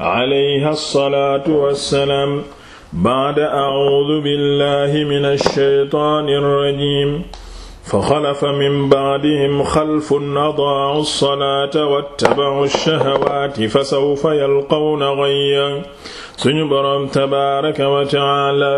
alayhi alsalatu wassalaam baada acuudu billahi min alsheytaani alrajim faxalafa min bacdihim xalfun adaacu alsalaata wattabacu alshahawaati fasawfa yalqawna gayya suñu boroom tabaaraka wa tacaala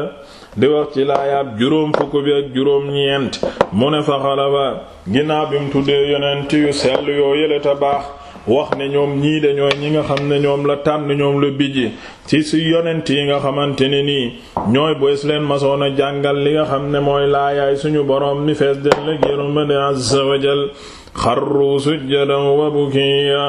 di wax ci laayaab juróom fukk bi ak juróom ñeent mu ne faxalafa ginnaaw bi mu tuddee yonent yu sell yoo yële ta baax wax ne ñoom ñii de ñi nga xam ne ñoom la tànn ñoom lu bijji ci si yonent yi nga xamante ne nii ñooy bés leen masoon a jàngal li nga xam ne mooy laayaay suñu boroom ni fees del ak yërmande azza wa xarru sujjadan wa bukiya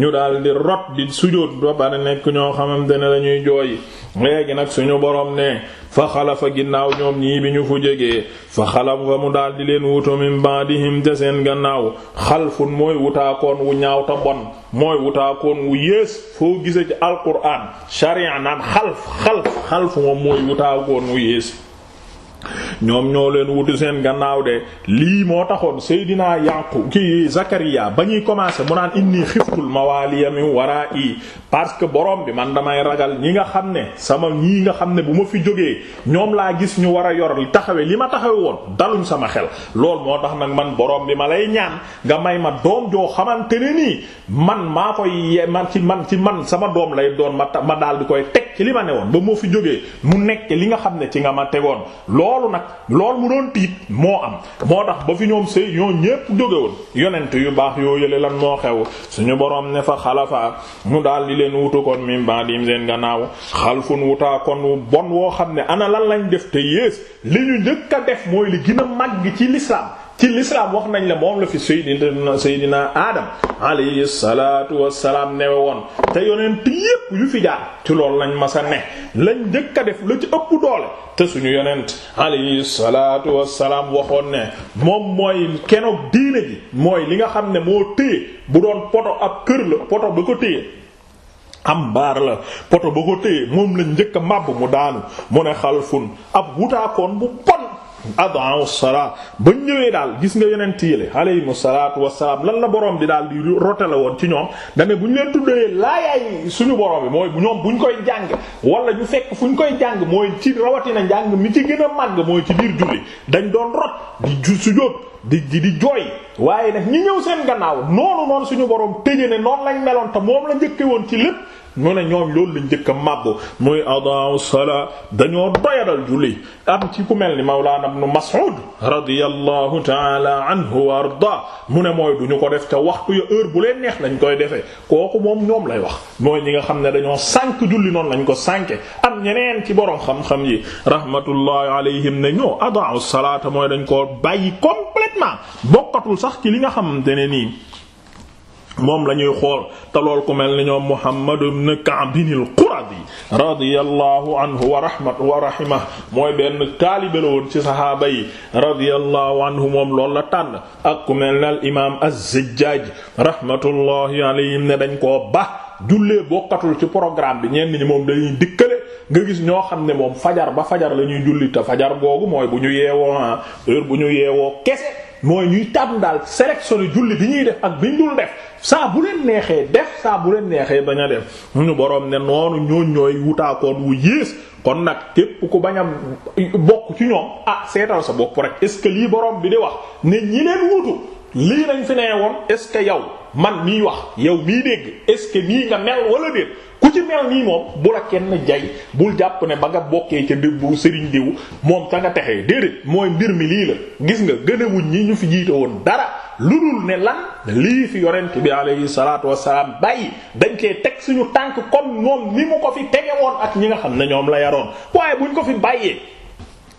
ñu daal di rot di sujóot ba pare nekk ñoo xamante ne lañuy jooy léegi nag suñu borom ne fa xalafa ginnaaw ñoom ñii bi ñu fu jegee fa xalafa mu daal di leen wutu min baadihim ca seen gannaaw xalfun mooy wutaakoon wu ñaaw ta bon mooy wutaakoon wu yées foo gise ci alquran sharia naan xalf xalf xalf mooy wutaakoon wu yées ñoom ñoo leen wuti seen gannaaw de lii moo taxoon dinaa Yaqub ki Zakariya ba ñuy commencé mu naan ma inni xiftul mawaaliya min waraa'i parce que borom bi man damay ragal ñi nga xam ne sama ñii nga xam ne bu ma fi jógee ñoom laa gis ñu war a yor taxawe li ma taxawe woon dalum sama xel lool moo tax nag man borom bi ma lay ñaan nga may ma doom joo xamante ne nii man maa koy man ci man ci man sama doom lay doon ma ma daal di koy teg ci li ma ne ba moo fi jógee mu nekke li nga xam ne ci nga ma tegoon loolu nag loolu mu doon tiit moo am moo tax ba fi ñoom sëy ñoo ñépp jógewoon yonent yu baax yoo yële lan moo xew suñu borom ne fa xalafa mu daal di leen wutu kon mim bandim leen gannaaw xalfun wutaa kon bon woo xam ne ana lan lañ def te yées li ñu njëkk a def mooy li gën a màgg ci lislaam ci lislaam wax nañ la moom la fi sayyidina sayyidina Adam alayhi salaatu wassalaam newe woon te yonent yépp yu fi jaar ci loolu lañ masa ne lañ njëkk a def la ci ëpp doole te suñu yonent alayhi salaatu wassalaam waxoon ne moom mooy kenoog diine ji mooy li nga xam ne moo téye bu doon poto ab kër la poto ba ko téye am baar la poto ba ko téye moom lañ njëkka a màbb mu daanu mu ne xalfun ab wutaakoon bu bon adaawu salaa ba ñëwee daal gis nga yeneen yi alayhimu salaatu wassalaam lan la borom bi daal di rote la woon ci ñoom dane bu ñu leen laa laayaay suñu borom bi mooy ñoom bu ñu koy jàng wala ñu fekk fu ñu koy jàng mooy ci rawatina njàng mi ci gën a màgg mooy ci biir julli dañ doon rot di ju sujjóot di di jooy waaye nag ñi ñëw seen gannaaw noonu noonu suñu borom tëje ne noonu lañ meloon te moom la njëkke woon ci lépp mu ne ñoom loolu lañ njëkk a màbbu muy adaawu salaa dañoo doyadal julli am ci ku mel ni mawlaana ibnu Mas'ud radiyallahu taala anhu wa arda mu ne mooy du ñu ko def ca waxtu ya heure bu leen neex lañ koy defee kooku moom ñoom lay wax mooy ñi nga xam ne dañoo sànk julli noonu lañ ko sànke am ñeneen ci borom xam-xam yi rahmatullahi alayhim ne ñoo salaata mooy dañ ko bàyyi comme bokkatul sax ci li nga xamante ne nii moom lañuy ñuy xool te lool ku mel ni ñoom Muhammad ibn Ka'b al-Quradi radiyallahu anhu wa rahmat mooy benn taalibe la ci saxaaba yi radiyallahu anhu moom lool la tànn ak ku mel ne al imaam az-Zajjaj rahmatullahi alayhim ne dañ ko ba jullee bokkatul ci programme bi ñenn ñi moom dañuy dikkal nga gis ñoo xam ne moom fajar ba fajar la ñuy julli te fajar boobu mooy bu ñu yeewoo ah heure bu ñu yeewoo kese mooy ñuy tàmm daal sélectionné julli bi ñuy def ak bi ñu dul def saa bu leen neexee def saa bu leen neexee bañ def mu ñu boroom ne noonu ñooñ ñooy wutaakoon wu yées kon nag képp ku bañ a bokk ci ñoom ah seetal sa bopp rek est ce que lii borom bi di wax ne ñi leen wutu lii lañ fi nee woon est yow. man mii wax yow mii dégg est-ce que nii nga mel wala déet ku ci mel nii moom bu la kenn jay bul jàpp ne ba nga bokkee ca débbu sëriñ diw moom ta nga texee déedéet mooy mbir mi lii la gis nga gën a wuñ ñi ñu fi jiite woon dara lu dul ne la lii fi yonent bi alayhi salaatu wassalaam bàyyi dañ koy teg suñu tànk comme moom ni mu ko fi tege woon ak ñi nga xam ne ñoom la yaroon waaye buñ ko fi bàyyee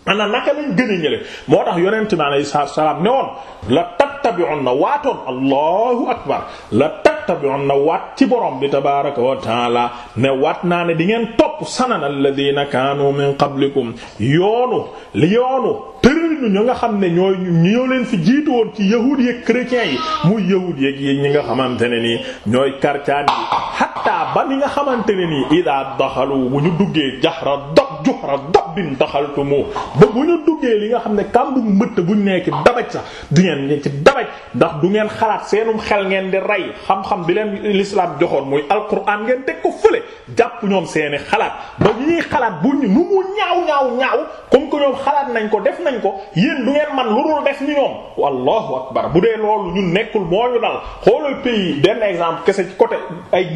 ana naka lañ gën a ñële moo tax yonent bi alayhi salaam ne woon la tattabi'unna waatoon allahu akbar la tattabi'unna waat ci borom bi tabaaraka wa taala ne waat naa ne di ngeen topp sanana alladhina kaanu min qablikum yoonu yoonu tërëriñu ñu nga xam ne ñooy ñoo leen fi jiitu woon ci yahuud yeek chrétiens yi muy yahuud yeek yi ñi nga xamante ne nii ñooy karcaan yi hatta ba ni nga xamante ne nii idaa daxalu bu ñu duggee jaxra dab juxra dab bin daxaltumu mu bu ñu duggee li nga xam ne kàmbu mbëtt buñ nekk dabaj sax du ngeen ci dabaj ndax du ngeen xalaat xam bi leen l'islam joxoon muy alquran ngeen teg ko fële jàpp ñoom seeni xalaat ba ñuy xalaat bu ñu nu mu ñaaw ñaaw ñaaw comme que ñoom xalaat nañ ko def nañ ko yéen du ngeen man lu dul def ni ñoom wallahu akbar bu dee loolu ñun nekkul moo ñu dal xoolal pays benn exemple kese ci côté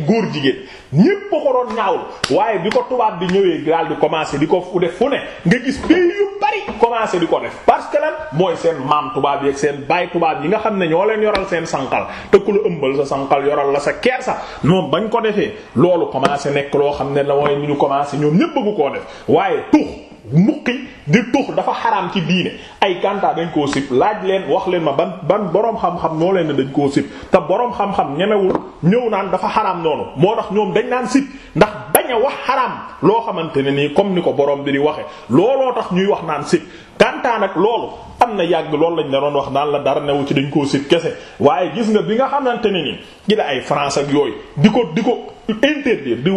góor jigéen ñépp ko doon ñaawul waaye bi ko tubaab bi ñëwee daal di commencé di ko fu def fu ne nga gis pays yu bari commencé di ko def parce que lan mooy seen maam tubaab yi ak seen baay tubaab yi nga xam ne ñoo leen yoral seen sànqal te ku la ëmbal sa sànqal yoral la sa kersa moom bañ ko defee loolu commencé nekk loo xam ne la mooy ñu commencé ñoom ñépp bëgg koo def waaye tux mukki di tux dafa xaraam ci diine ay kanta dañ koo sib laaj leen wax leen ma ban ban boroom xam-xam noo leen ne dañ koo sib te boroom xam-xam ñemewul ñëw naan dafa xaraam noonu moo tax ñoom dañ naan sib ndax bañ a wax xaraam loo xamante ne nii comme ni ko borom bi di waxe looloo tax ñuy wax naan sit kantaan ak loolu am na yàgg loolu lañ la doon wax naan la dara newu ci dañ koo sit kese waaye gis nga bi nga xamante ne nii gi la ay France ak yooyu di ko di ko interdire di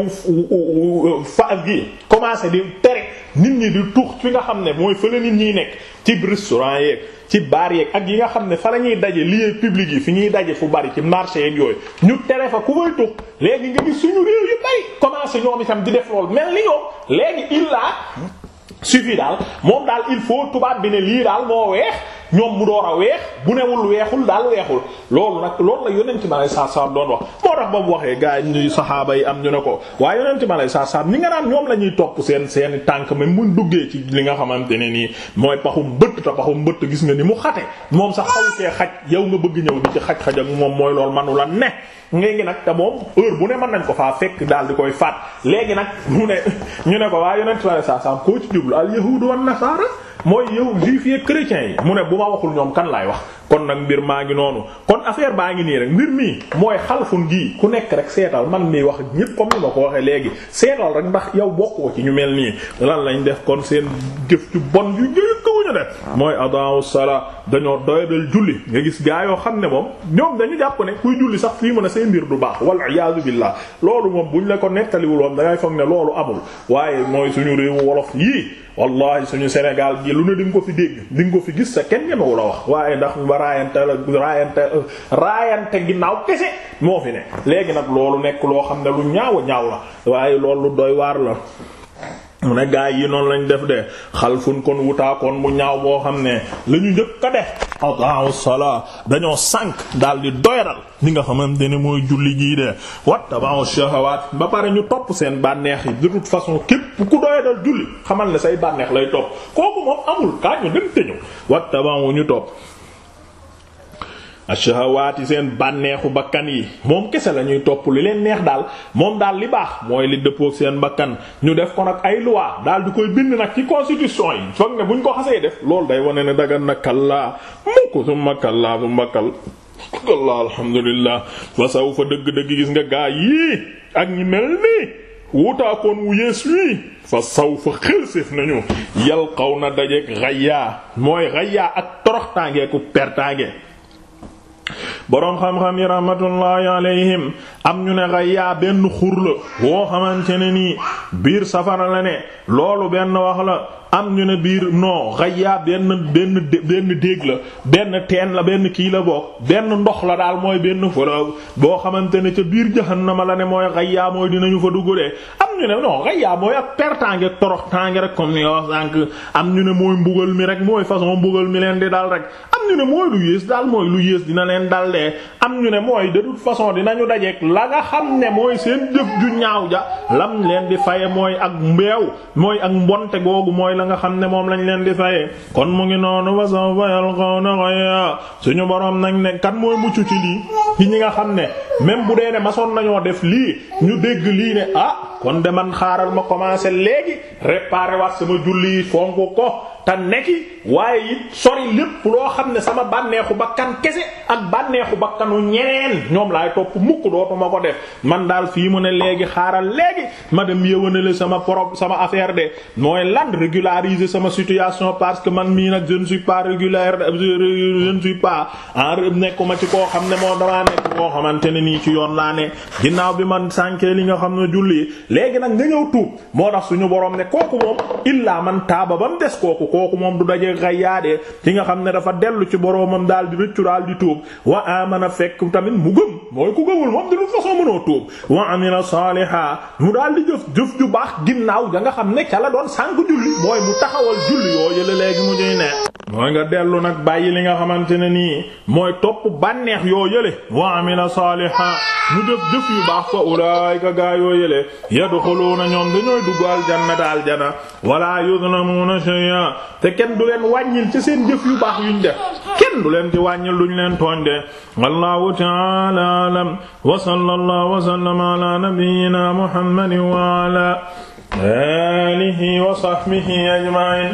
phase gi commencé di tere nit ñi di tuux fi nga xam ne mooy fële nit ñiy nekk ci restaurant yeeg ci baar yeeg ak yi nga xam ne fa la ñuy daje lieu public yi fi ñuy daje fu bari ci marché yeeg yooyu ñu tere fa ku fay tuux léegi nga gis suñu réew yu bari commencé ñoom itam di def lool mel ni ñoom léegi illa suffit daal moom daal il faut tubaab bi ne lii daal moo weex ñoom mu door a weex bu newul weexul daal weexul loolu nag loolu la yonent ma lay saa saa doon wax moo tax ba mu waxee gaa yi ñuy saxaaba yi am ñu ne ko waaye yonent ma lay saa saa ni nga naan ñoom la topp seen seen tànk même buñ duggee ci li nga xamante ne nii mooy paxum bëtt te paxum bëtt gis nga ni mu xate moom sax xaw see xaj yow nga bëgg ñëw ci xaj xaj ak moom mooy loolu manu la ne. léegi nag te moom heure bu ne mën nañ ko faa fekk daal di koy faat léegi nag mu ne ñu ne ko waaye yonent ma lay saa saa koo ci jublu al yahuud wan nasaara mooy yow juif yi chrétiens yi mu ne bu ma waxul ñoom kan laay wax kon nag mbir maa ngi noonu kon affaire baa ngi nii rek mbir mii mooy xal xalfun gii ku nekk rek seetal man mii wax ñépp comme ni ma ko waxee léegi seetal rek ndax yow bokkoo ci ñu mel nii lan lañ def kon seen jëf ju bon ju jëkk ñu def mooy adaawu sala dañoo doyadal julli nga gis gaa yoo xam ne moom ñoom dañu jàpp ne kuy julli sax fii mën a say mbir du baax wal iyaazu billah loolu moom buñ la ko nettaliwul woon da ngay foog ne loolu amul waaye mooy suñu réewu wolof yii wallahi suñu Sénégal gi lu ne di ko fi dégg di ko fi gis sa kenn ñemewu la wax waaye ndax ba raayante la raayante raayante ginnaaw kese moo fi ne léegi nag loolu nekk loo xam ne lu ñaaw a ñaaw la waaye mu ne gaa yi noonu lañ def de xalfun kon wutaakoon mu ñaaw boo xam ne la ñu njëkk a def adaau salaa dañoo sànq daal di doyral li nga xamante ne mooy julli gii de wat wattaba'u shahawaat ba pare ñu topp seen bànneex yi de toute façon képp ku doyadal julli xamal ne say bànneex lay topp kooku moom amul kaa ñu dem te ñu wattaba'u ñu topp ashahawaati seen bànneexu bakkan yi moom kese lañuy topp li leen neex daal moom daal li baax mooy li dëppook seen bakkan ñu def ko nag ay loi daal di koy bind nag ci constitution yi foog ne bu buñ ko xasee def lool day wane ne dagan na kallaa mukk summa kallaa summa kal kallaa alhamdulillah wa sawfa dëgg-dëgg gis nga gaa yii ak ñi mel nii wutaakoon wu yees wii fa saw fa xelséef nañu yal xaw na dajeeg xayyaa mooy xayyaa ak toroxtaangeeku pertaange boroom xam-xam yi rahmatullahi alayhim am ñu ne Ghayya benn xur la woo xamante ne nii biir safara la ne loolu benn wax la am ñu ne biir no Ghayya benn benn benn déeg la benn teen la benn kii la bokk benn ndox la daal mooy benn fëla boo xamante ne ca biir jahannama la ne mooy Ghayya mooy dinañu fa dugg de am ñu ne non Ghayya mooy ak pertange ak torox tànge rek comme ni sànk am ñu ne mooy mbugal mi rek mooy façon mbugal mi leen di daal rek am ñu dajee am ñu ne mooy de toute façon dinañu dajeek la nga xam ne mooy seen jëf ju ñaaw ja lam leen di faye mooy ak mbeew mooy ak mbonte googu mooy la nga xam ne moom lañ leen di faye kon mu ngi noonu wa sawfa yalqawna ghayya suñu borom nag ne kan mooy mucc ci lii ci ñi nga xam ne même bu dee ne masoon nañoo def lii ñu dégg lii ne ah kon de man xaaral ma commencer léegi réparer waat sama julli fonk ko te nekki waaye it sori lépp loo xam ne sama bànneexu bakkan kese ak bànneexu bakkanu ñeneen ñoom laay topp mukk dootuma ko def man daal fii mu ne léegi xaaral léegi ma dem yëwanale sama pro sama affaire de mooy lan régulariser sama situation parce que man mii nag je ne suis pas régulaire je ne suis pas en ah, nekkuma ci koo xam ne moo damaa nekk koo xamante ne nii ci yoon laa ne ginnaaw bi man sànkee li nga xam ne julli léegi nag nga ñëw tuub moo tax suñu borom ne kooku moom illaa man taaba ba mu des kooku kooku moom du daje xayyaadee ki nga xam ne dafa dellu ci boromam daal di rëccu daal di tuub wa amana fekk tamit mu gëm mooy ku gëmul moom de toute façon mënoo tuub wa amila saliha mu daal di jëf jëf ju baax ginnaaw da nga xam ne ca la doon sànk julli mooy mu taxawal julli yoo yële léegi mooy nga dellu nag bàyyi li nga xamante ne nii mooy topp bànneex yoo yële wa amila saaliha ñu def jëf yu baax fa ulaayika gaa yoo yële yadxuluuna ñoom dañooy dugg aljannata aljana wala yuzlamuuna shay'a te kenn du len wàññil ci seen jëf yu baax yuñ def kenn du leen ci wàññil duñ leen tooñ de wallahu ta'ala alam wa sallallahu wa sallama ala nabiyyina muhammadin wa ala alihi wa sahbihi ajma'in